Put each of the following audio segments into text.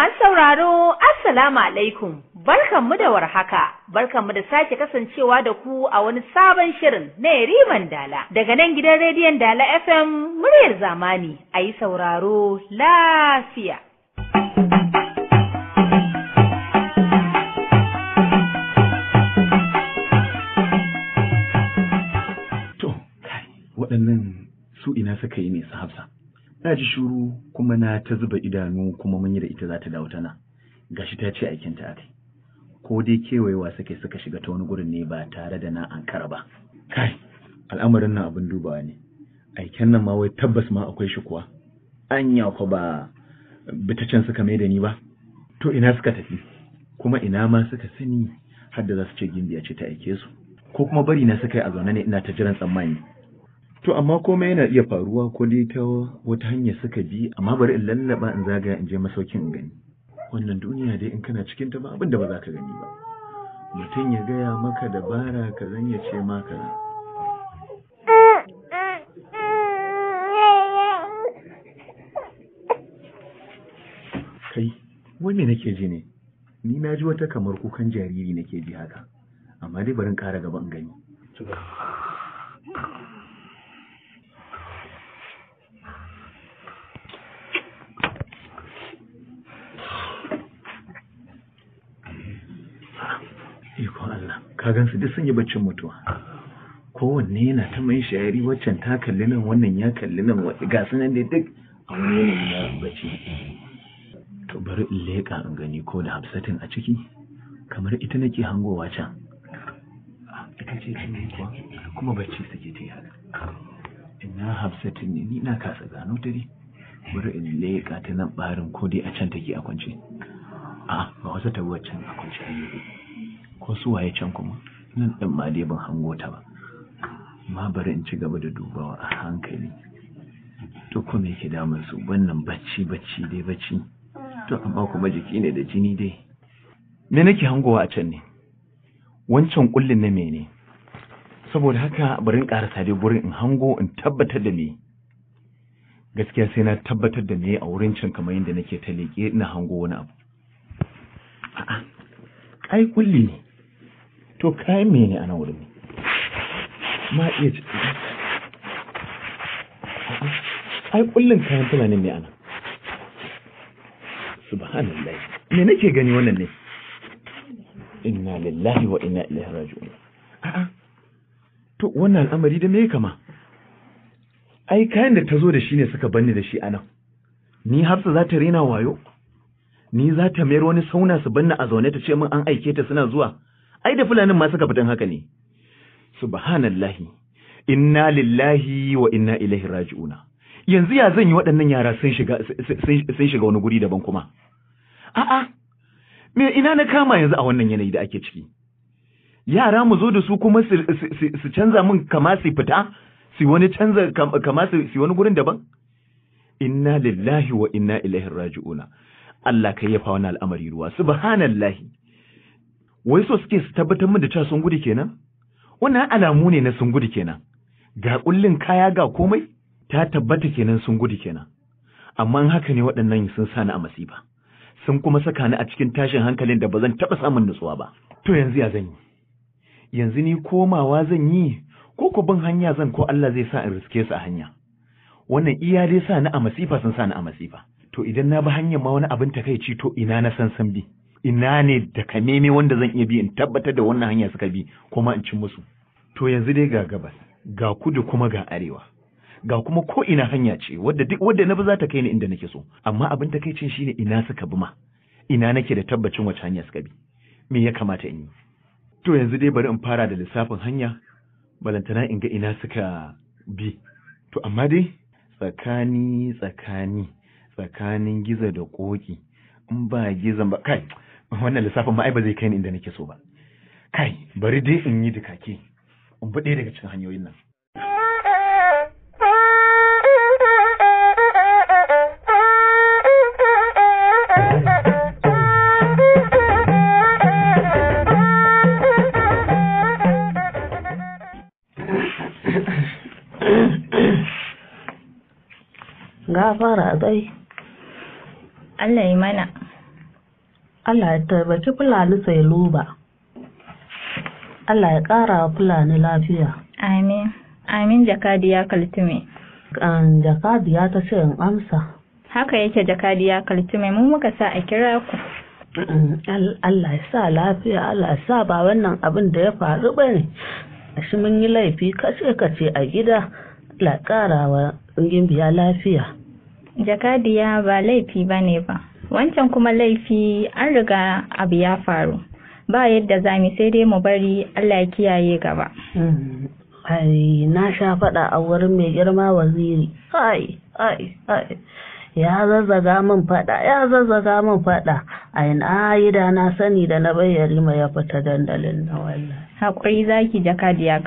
Masu sauraro, Assalamu alaikum, barkanmu da warhaka, barkanmu da sake kasancewa da ku a wani sabon shirin na Riman Dala. Daga nan gidan rediyon Dala FM muryar zamani, a yi sauraro lafiya. To, waɗannan su ina suka yi ne su na ji shuru kuma na ta zuba idanu kuma mun yi da ita za ta dawo tana gashi ta ce aikin ta ko dai kewayewa suke suka shiga ta wani gurin ne ba tare da na ankara ba kai al'amarin nan abin dubawa ne aiken nan ma wai tabbas ma akwai shi kuwa anya ko ba can suka mai da ni ba to ina suka tafi kuma ina ma suka sani har da za su ce gimbiya ce ta aike su ko kuma bari na suka yi a zaune ne ina ta jiran tsammani To amma komai yana iya faruwa ko dai ta wata hanya suka bi amma bari in lallaba in zagaya in je masaukin in gani. Wannan duniya dai in kana cikin ta ba abin da ba za ka gani ba. Mutum ya gaya maka dabara ka zan ya ce maka. Kai, wani nake ji ne? Ni na ji wata kamar kukan jariri nake ji haka. Amma dai bari in ƙara gaba in gani. kagan su duk sun yi baccin mutuwa kowanne yana ta mai shayari waccan ta kalli nan wannan ya kalli nan wa ga su nan dai duk a wani ya na bacci to bari in leƙa in gani ko da hafsatin a ciki kamar ita nake hangowa can ita ce kuwa kuma bacci suke ta yi ina hafsatin ne ni na kasa gano ta dai bari in leƙa ta nan ɓarin ko dai a can take a kwance a ah, ga wasu tabuwar can a kwance a yi ko su waye can kuma nan ɗin ma dai ban hango ta ba ma bari in ci gaba da dubawa a hankali to ko me ke damun su wannan bacci bacci dai bacci to amma kuma jiki ne da jini dai me nake hangowa a can ne wancan kullin na me ne. saboda haka bari in karasa dai gurin in hango in tabbatar da me gaskiya sai na tabbatar da me a wurin can kamar yadda nake ta leƙe ina hango wani abu a'a ai kulli ne to kayan mene ana wurin ne ma iya ci ai kullun kayan fulanin ne ana subhanallah me nake gani wannan ne inna lillahi wa inna ilaihi raji'un a'a to wannan al'amari da me kama ai kayan da ta zo da shi ne suka banni da shi anan ni hafsa za ta rena wayo ni za ta mayar wani sauna su banna a zaune ta ce min an aike ta suna zuwa ai da fulanin ma suka fitan haka ne subhanallahi inna lillahi wa inna ilaihi raji'una yanzu ya zan yi waɗannan yara sun shiga sun shiga wani guri daban kuma a'a me ina na kama yanzu a wannan yanayi da ake ciki yara mu zo da su kuma su canza min kama su fita su wani canza kama su wani gurin daban inna lillahi wa inna ilaihi raji'una Allah kai ya fa wani al'amari ruwa subhanallahi wai so suke su tabbatar min da cewa sun gudu kenan wannan alamu ne na sun gudu kenan ga kullun kaya ga komai ta tabbata kenan sun gudu kenan amma in haka ne waɗannan sun sani a masifa sun kuma saka ni a cikin tashin hankalin da ba zan taɓa samun nutsuwa ba to yanzu ya zan yi yanzu ni komawa zan yi ko ko bin hanya zan ko Allah zai sa in riske su a hanya wannan iya dai sa ni a masifa sun sa ni a masifa to idan na bi hanyar ma wani abin takaici to ina na san san ina ne da kameme wanda zan iya bi in tabbatar da wannan hanya suka bi kuma in ci musu to yanzu dai ga gabas ga kudu kuma ga arewa ga kuma ko ina hanya ce wadda duk wadda na bi za ta kai ni inda nake so amma abin cin shine ina suka bi ma ina nake da tabbacin wace hanya suka bi me ya kamata in yi to yanzu dai bari in fara da lissafin hanya balantana in ga ina suka bi to amma dai tsakani tsakani tsakanin giza da koki in ba gizan ba kai wannan lissafin ma ai ba zai kai ni inda nake so ba kai bari dai in yi dukake in bi ɗaya daga cikin hanyoyin nan gafara zai Allah yi mana Allah ya taimaki Fulani sai luba. Allah ya ƙara wa Fulani lafiya. Amin. Amin jakadiya kaltume. An jakadiya ta ce in amsa. Haka yake jakadiya kaltume mun muka sa a kira ku. Allah ya sa lafiya Allah ya sa ba wannan abin da ya faru ba ne. Shi mun yi laifi kace kace a gida la ƙara wa gimbiya lafiya. Jakadiya ba laifi ba ne ba. wancan kuma laifi an riga abu ya faru ba yadda za mu sai dai mu bari Allah ya kiyaye gaba mm. ai na sha faɗa a wurin mai girma waziri ai ai ai ya zazzaga min fada ya zazzaga min fada a ina yi da na sani da na bayyari mai ya fita dandalin na wallahi haƙuri zaki jaka da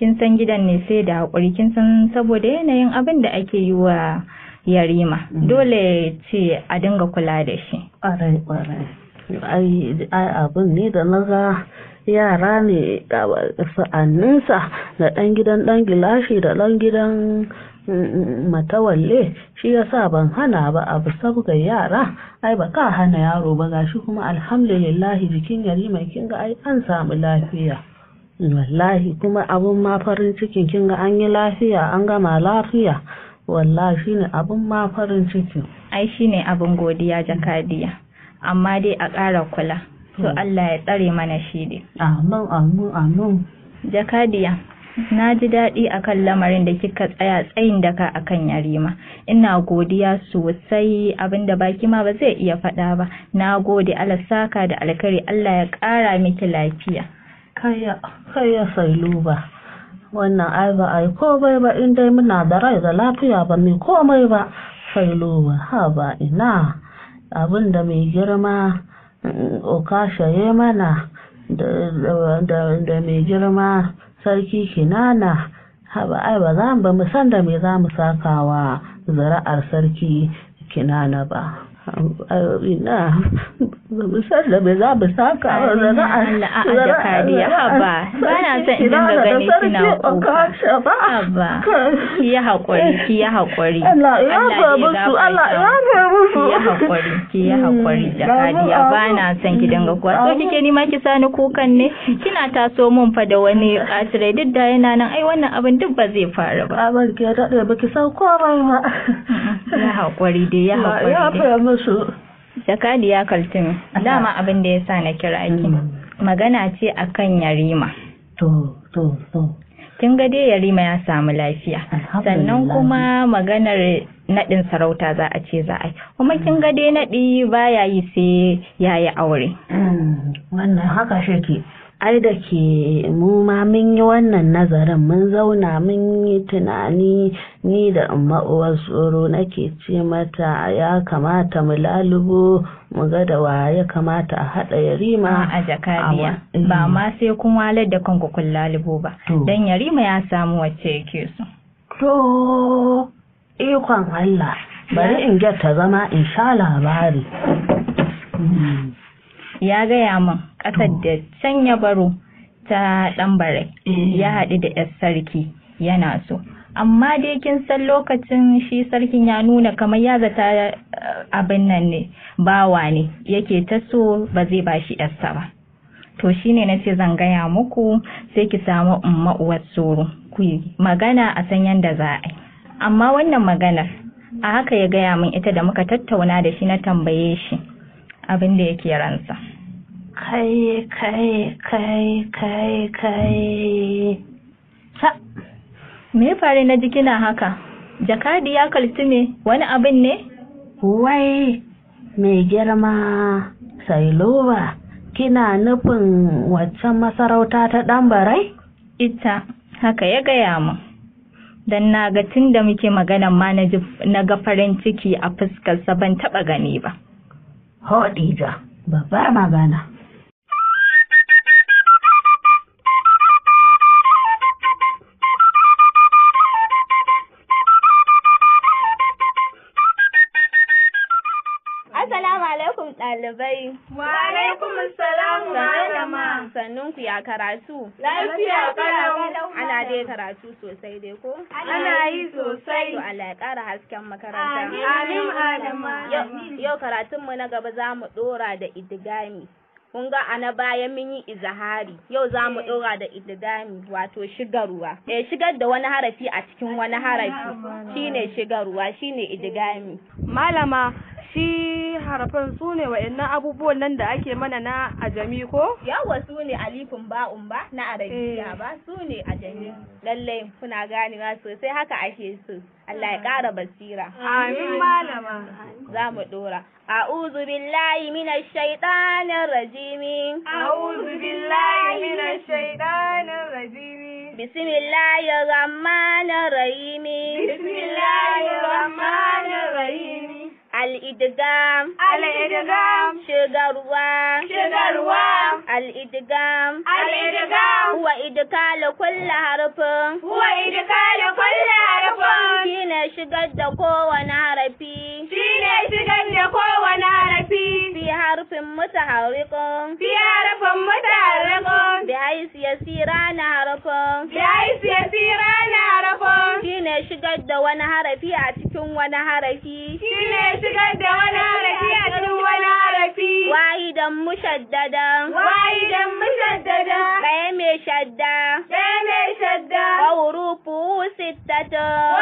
kin san gidan ne sai da haƙuri kin san saboda yanayin abin da ake yi wa yarima mm-hmm. dole ce a dinga kula da shi ƙwarai ai abin ne da na ga yara ne sa'anninsa da ɗan gidan ɗan gilashi da ɗan gidan mm, mm, matawalle shi ya sa ban hana ba abu sabga yara ai ba ka hana yaro ba gashi kuma alhamdulillahi jikin yarima kin ga ai an samu lafiya wallahi kuma abun ma farin cikin kin ga an yi lafiya an gama lafiya shi shine abin ma farin ciki ai shine abin godiya jakadiya amma dai a ƙara kula to hmm. Allah ya tsare mana shi dai amin amin amin jakadiya na ji daɗi a kan lamarin da kika tsaya tsayin daka akan yarima ina godiya sosai abin da baki ma ba zai iya faɗa ba na gode alasaka da alkari Allah ya ƙara miki lafiya kaya kaya ba. wannan ai ba ai komai ba in dai muna da rai da lafiya ba mai komai ba failowa ha ba ina abin da mai girma ya mm, mana da mai girma sarki kinana haba ai ba za mu ba mu san da me za mu sakawa zuri'ar sarki kinana ba ina ba mu san da me za mu saka wa zara'a zara'a kariya haba ba na san in dinga gani kina kuka haba ki yi haƙuri ki yi haƙuri Allah ya ba musu Allah ya ba musu ki yi haƙuri ki yi hmm. haƙuri da kariya ba na san ki dinga kuka so kike ni ma ki sani kukan ne kina taso mun fa da wani katire duk da yana nan ai wannan abin duk ba zai faru ba ba ki da ba ki san komai ba ya haƙuri dai ya haƙuri musu jakadiya kaltin dama abin da ya sa na kira ki hmm. magana ce akan yarima to to to kin ga dai yarima ya samu lafiya sannan kuma maganar naɗin sarauta za a ce za a yi kuma kin ga dai naɗi baya yi sai yayi aure hmm. wannan haka shi ke ai da ke mu ma mun yi wannan nazarin mun zauna mun yi tunani ni da ma'uwar tsoro nake ce mata ya kamata mu lalubo mu ga da wa ya kamata a haɗa yarima a jakariya ba mm. ma sai kun walar da kanku kun lalubo ba dan yarima ya samu wacce yake so to ikon Allah bari in ta zama in sha labari ya gaya min ƙasar da can ya baro ta ɗanbarai eh. ya haɗu da 'yar sarki yana so amma dai kin san lokacin shi sarkin ya nuna kamar ya zata eh, abin nan ne bawa ne yake ta so ba zai ba shi ƴarsa ba to shine na ce zan gaya muku sai ki samu umma uwar tsoro ku yi magana a san yanda za a yi amma wannan maganar a haka ya gaya min ita da muka tattauna da shi na tambaye shi abin da yake ransa kai kai kai kai kai ta me ya faru na kina haka jakadi ya ne, wani abin ne wai mai girma sailoba kina nufin waccan masarauta ta ɗanbarai? ita haka ya gaya mu Dan na ga tun da muke magana ma na ga farin ciki a fuskarsa ban taɓa gani ba. Hodija, babbar magana. ɗalibai. Wa alaikum salam malama. Sannun ku ya karatu. Lafiya kalau. Ana dai karatu sosai dai ko? Ana yi sosai. To Allah ya ƙara hasken makaranta. Amin Adama. Yau karatun mu na gaba za mu ɗora da idigami. kun ga ana baya mun yi izahari yau za mu eh. ɗora da idigami, wato shigarwa eh shigar da wani harafi a cikin wani harafi shine shigarwa shine idigami. malama shi harafan su ne wa'annan abubuwan nan da ake mana na ajami ko? Yawa su ne alifin ba'un ba na arabiya ba eh. su ne ajami. Lallai kuna ganewa sosai haka ake so. Allah ya ƙara basira. Amin malama. Za mu ɗora. A'udhu billahi minash shaitanir rajim. A'udhu billahi minash shaitanir rajim. Bismillahir rahmanir rahim. Bismillahir rahmanir rahim. Al'idigam. Al'idigam. Shigarwa. Shigarwa. Al'idigam. Al'idigam. Huwa idikala kulla harfin. Huwa idikala kulla harfin. Shine shigar da kowane harafi. ne shigar da kowane harafi fi harfin mutaharrikun fi harfin mutaharrikun bi haisu yasira na harfin bi haisu yasira na Shi ne shigar da wani harafi a cikin wani harafi Shi ne shigar da wani harafi a cikin wani harafi wahidan mushaddadan wahidan mushaddadan ɗaya mai shadda ɗaya mai shadda wa hurufu sittatun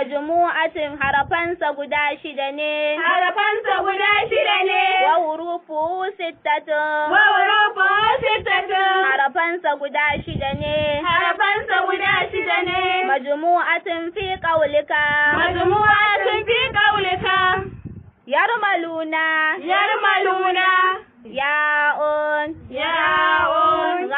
majmu'atin harafansa guda shida ne harafansa guda shida ne wa hurufu sittatu. wa hurufu sittatun harafansa guda shida ne harafansa guda shida ne majmu'atin fi qaulika majmu'atin fi qaulika yarmaluna yarmaluna ya'un ya'un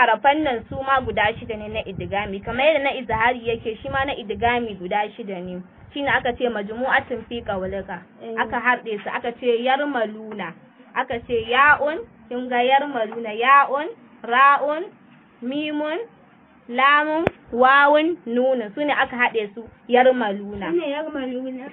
harafan fannin su ma guda shida ne na idigami kamar yadda na izahari yake shi ma na idigami guda shida ne shine aka ce majmu'atun fi qawlika eh. aka harde su aka ce yarmaluna aka ce ya'un kin ga yarmaluna ya'un ra'un mimun lamun wawun nuna su ne aka haɗe su yarmaluna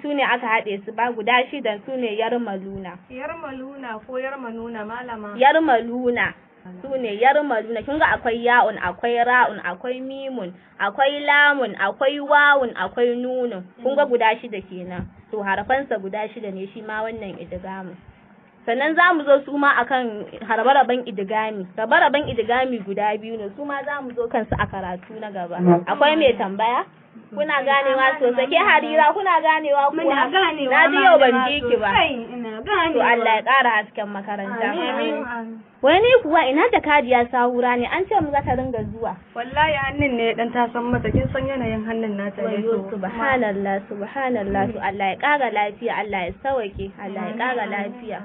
su ne aka haɗe su ba guda shidan su ne yarmaluna yarmaluna ko yarmanuna malama yarmaluna su ne yarmaluna kin ga akwai ya'un akwai ra'un akwai mimun akwai lamun akwai wawun akwai nunun kun ga guda shida kenan to harafansa guda shida ne shi ma wannan idigami. sannan za mu zo su ma akan rabe idigami rabe idigami guda biyu ne su ma za mu zo kansu a karatu na gaba akwai mai tambaya kuna ganewa sosai ke harira kuna ganewa kuwa na ji yau ban ji ki ba to Allah ya ƙara hasken makaranta wani kuwa ina da kadiya sahura ne an ce mu za ta ringa zuwa wallahi hannun ne dan ta san mata kin san yanayin hannun nata ne subhanallah subhanallah to Allah ya ƙara lafiya Allah ya sauke Allah ya ƙara lafiya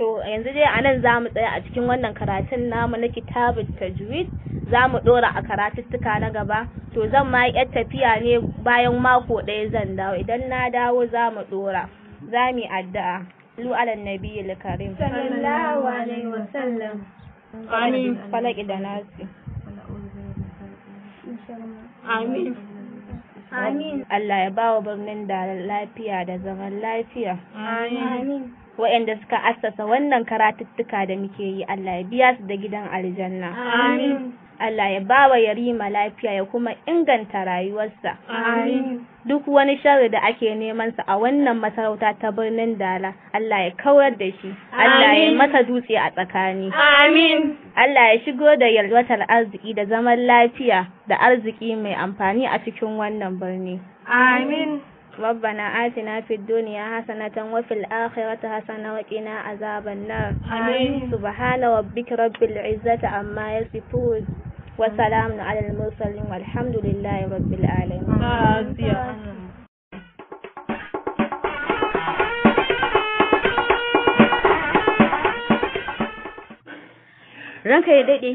to yanzu dai anan za mu tsaya a cikin wannan karatun namu na kitabun tajwid za mu ɗora a karatuttuka na gaba to zan ma yar tafiya ne bayan mako ɗaya zan dawo idan na dawo za mu ɗora za mu yi addu'a lu ala nabi karim sallallahu alaihi sallam amin falaki da nasi amin Amin. Allah ya ba wa birnin da lafiya da zaman lafiya. Amin. waɗanda suka assasa wannan karatuttuka da muke yi Allah ya biya su da gidan aljanna. Amin. Allah ya bawa yarima lafiya ya kuma inganta rayuwarsa. Amin. Duk wani sharri da ake neman sa a wannan masarauta ta birnin Dala, Allah ya kawar da shi. Allah ya masa dutse a tsakani. Amin. Allah ya shigo da yalwatar arziki da zaman lafiya da arziki mai amfani a cikin wannan birni. Amin. ربنا آتنا في الدنيا حسنة وفي الآخرة حسنة وقنا عذاب النار آمين سبحان ربك رب العزة عما يصفون وسلام على المرسلين والحمد لله رب العالمين ranka ya daɗe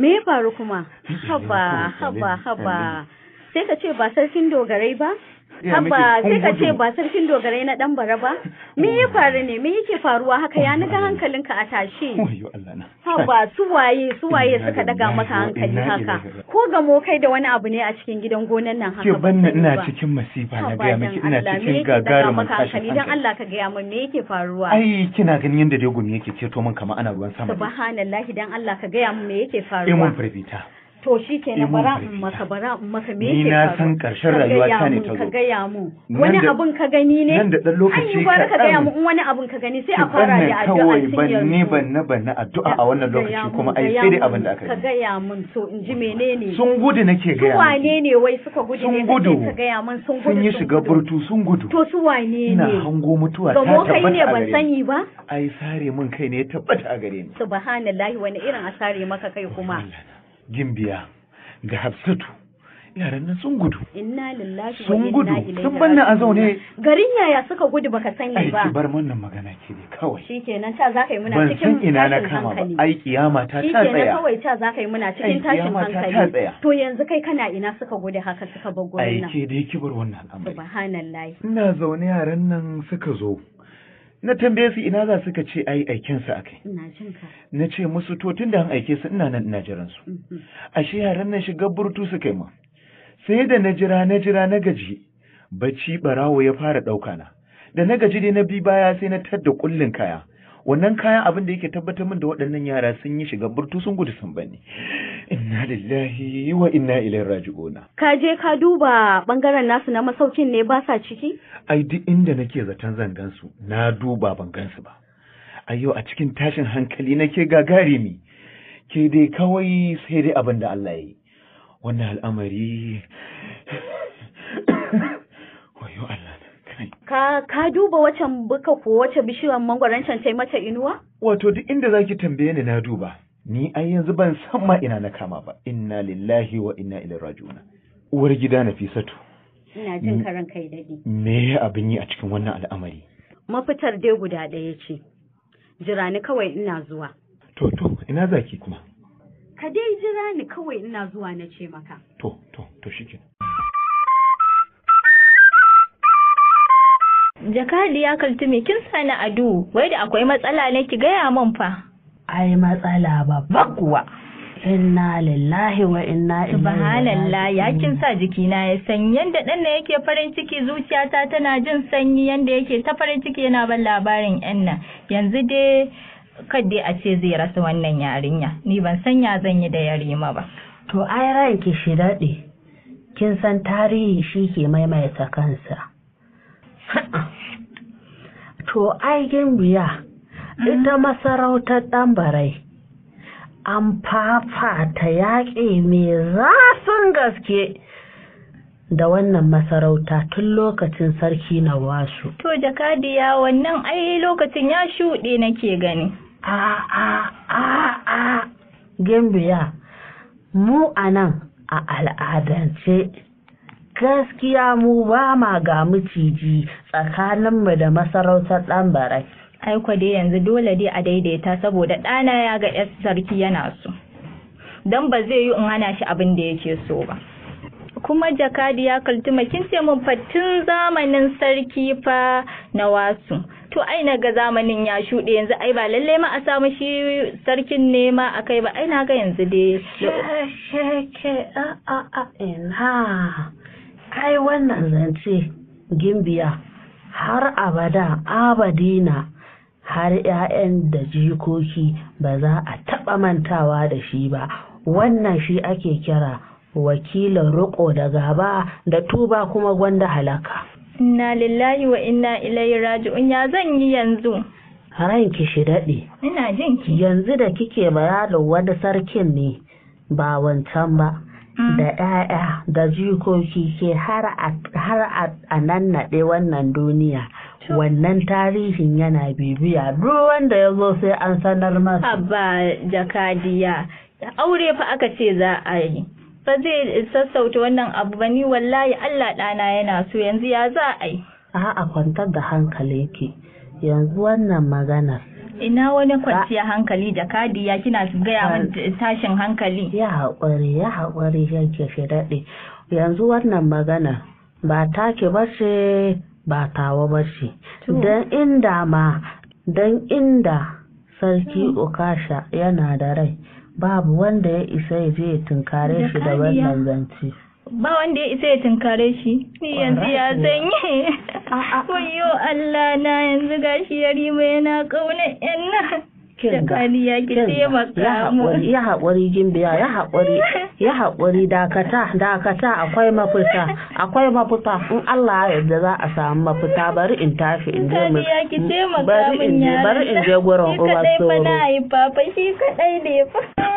me ya faru kuma haba haba haba sai ka ce ba sarkin dogarai ba haba sai ka ce ba sarkin dogarai na dan bara ba? Me ya faru ne? Me yake faruwa haka ya naga hankalinka a tashe? waye suwaye suwaye suka daga maka hankali haka. Ko gamo kai da wani abu ne a cikin gidan gonan nan haka. Ke banna ina cikin masifa na gaya miki ina cikin gagarumin tashin hankali. Dan Allah ka gaya min me yake faruwa? Ai kina ganin yadda dai gumi yake ceto min kamar ana ruwan sama. Subhanallahi dan Allah ka gaya min me yake faruwa? Eh mun to shi ke na bara masa bara masa maka me yake na san karshen rayuwa ta ne ta zo ka gaya mu wani abun ka gani ne nan da dan lokaci ka ka gaya mu in wani abun ka gani sai a fara da addu'a cikin yanzu ne ban na ban na addu'a a wannan lokaci kuma ai sai dai abin da aka yi ka gaya mun to in ji menene sun gudu nake gaya su wane ne wai suka gudu ne ka gaya mun sun gudu sun yi shiga burtu sun gudu to su wane ne ina hango mutuwa ta tabbata a gare ni ban sani ba ai sare mun kai ne ya tabbata a gare ni subhanallahi wani irin asare maka kai kuma gimbiya ga hafsatu yaran nan sun gudu inna lillahi sun gudu sun ban banna a zaune garin yaya suka gudu baka sani ba aiki bar mun magana ke ne kawai shikenan ta zaka yi muna cikin tashin hankali ban san ina na kama ba ai kiyama ta ta tsaya shikenan kawai ta zaka yi muna cikin tashin hankali to yanzu kai kana ina suka gudu haka suka bar gurin nan ai ke dai kibar wannan al'amari subhanallahi ina zaune yaran nan suka zo na tambaye su ina za suka ce ai aikin su akai na ce musu to tunda an aike su ina nan ina jiran su mm-hmm. ashe yaran nan shiga burtu su kai ma sai da na jira na jira na gaji bacci barawo ya fara dauka na da na gaji dai na bi baya sai na tadda kullun kaya wannan kayan abin da yake tabbatar min da waɗannan yara sun yi shiga burtu sun gudu sun bani Inna lillahi wa inna ilaihi raji'una. Ka je ka duba bangaren nasu na masaukin ne ba sa ciki? Ai duk inda nake zaton zan gansu na duba ban gansu ba. Ayyo a cikin tashin hankali nake mi Ke dai kawai sai dai abin da Allah ya yi. Wannan al'amari wayo Allah Ka ka duba wacan buka ko wace bishiyar mangwaron can mata inuwa? Wato duk inda zaki tambaye ni na duba. ni ai yanzu ban san ma ina na kama ba inna lillahi wa inna ilaihi raji'un uwar gida fisatu ina jin karan kai dadi me abin yi a cikin wannan al'amari mafitar dai guda ɗaya ce jira ni kawai ina zuwa to to ina zaki kuma ka dai jira ni kawai ina zuwa na ce maka to to to shikenan Jakadi ya kaltume kin sani ado wai da akwai matsala ne ki gaya min fa ai matsala ba kuwa inna lillahi wa inna ilaihi subhanallah ya kin sa jikina ya san yanda dan nan yake farin ciki zuciyata tana jin sanyi yanda yake ta farin ciki yana ban labarin yan yanzu dai kadde a ce zai rasa wannan yarinya ni ban san ya zan yi da yarima ba to ai ranki shi daɗe kin san tarihi shi ke maimaita kansa to ai gembiya ita masarautar ɗambarai an fafata yaƙi mai zafin gaske da wannan masarauta tun lokacin sarki na wasu. To jakadiya wannan ai lokacin ya shuɗe nake gani. A a a a gimbiya mu a nan a al'adance gaskiya mu ba ma ga miciji tsakaninmu da masarautar ɗambarai aiko dai yanzu dole dai a daidaita saboda ɗana ya ga yar sarki yana so don ba zai yi in hana shi abin da yake so ba kuma jakadi ya kaltuma kin ce mun fattun zamanin sarki fa na wasu to ai na ga zamanin ya shuɗe yanzu ai ba lallai ma a samu shi sarkin ne ma a kai ba ai na ga yanzu dai ai wannan zance gimbiya har abada abadina har 'ya'yan da jikoki ba za a taɓa mantawa da shi ba wannan shi ake kira wakilin roƙo da gaba da tuba kuma gwanda halaka inna lillahi wa inna ilaihi raji'un ya zan yi yanzu ranki shi daɗe ina jinki yanzu da kike bayanin wani sarkin ne ba wancan ba Mm. da 'ya'ya, da jikoki ke har a nan naɗe wannan duniya wannan tarihin yana bibiya duk wanda ya zo sai an sanar masa abba jakadiya aure fa aka ce za a yi fa zai sassauta wannan abu ba ni wallahi allah ɗana yana so yanzu ya za a yi a'a kwantar da hankalinki yanzu wannan maganar ina wani kwanciya hankali da kadiya kina gaya min tashin hankali ya haƙuri ya haƙuri yanke shi daɗe yanzu wannan magana ba take ba ce ba tawa ba ce don inda ma don inda sarki ukasha yana da rai babu wanda ya isa ya je ya tunkare shi da wannan zance ba wanda ya isa ya tunkare shi ni yanzu ya sanye wayo Allah na yanzu gashi ya rima yana kauna yan nan Shakali ya ki taimaka mu. Ya haƙuri gimbiya, ya haƙuri, ya haƙuri dakata, dakata akwai mafita, akwai mafita in Allah ya yarda za a samu mafita bari in tafi in je mu. ya ki taimaka ya. Bari in je gurin Umar Soro. ba na haifa shi kadai ne fa.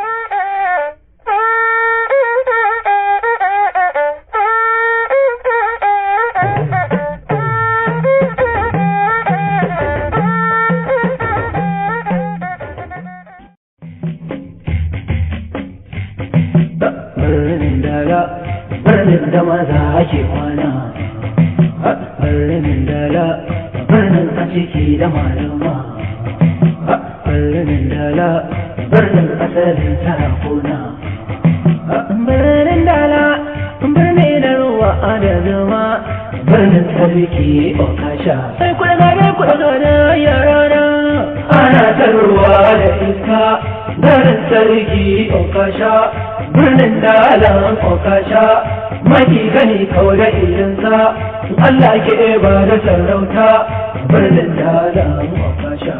daren sarki kasha. birnin dalan kokasha maki gani kaura sa. Allah ke ba da sarauta birnin dalan sha.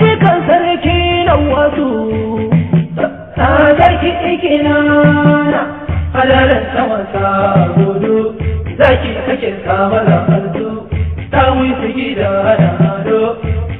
jikan sarki na wasu ta sarki ikina halalar saman sa gudu zaki ake sa mana hantu ta wuce gida da hado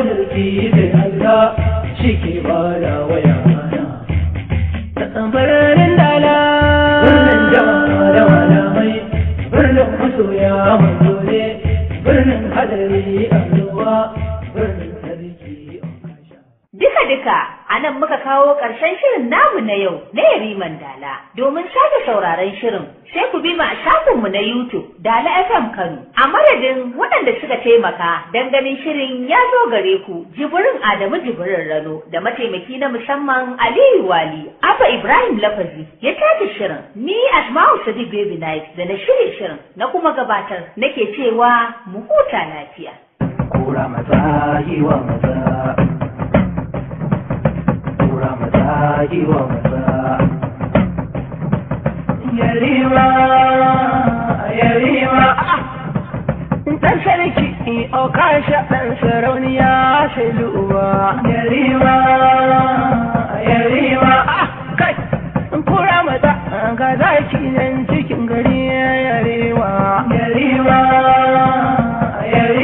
ability ƙarshen shirin namu na yau na Yariman Dala. Domin sake sauraron shirin sai ku bi mu a shafinmu na YouTube Dala FM Kano. A madadin waɗanda suka taimaka don shirin ya zo gare ku jibirin Adamu jibirin Rano da mataimaki na musamman Aliyu Wali. Abba Ibrahim Lafazi ya tace shirin. Ni Asma'u Sadiq Baby Night da na shirin shirin na kuma gabatar nake cewa mu huta lafiya. Kura maza maza. والمساء ومساء يا ريما dan sarki o kasha dan sarauniya shiluwa ya rima ya ah, rima kai kura mata ga zaki nan cikin gari ya rima ya rima ya rima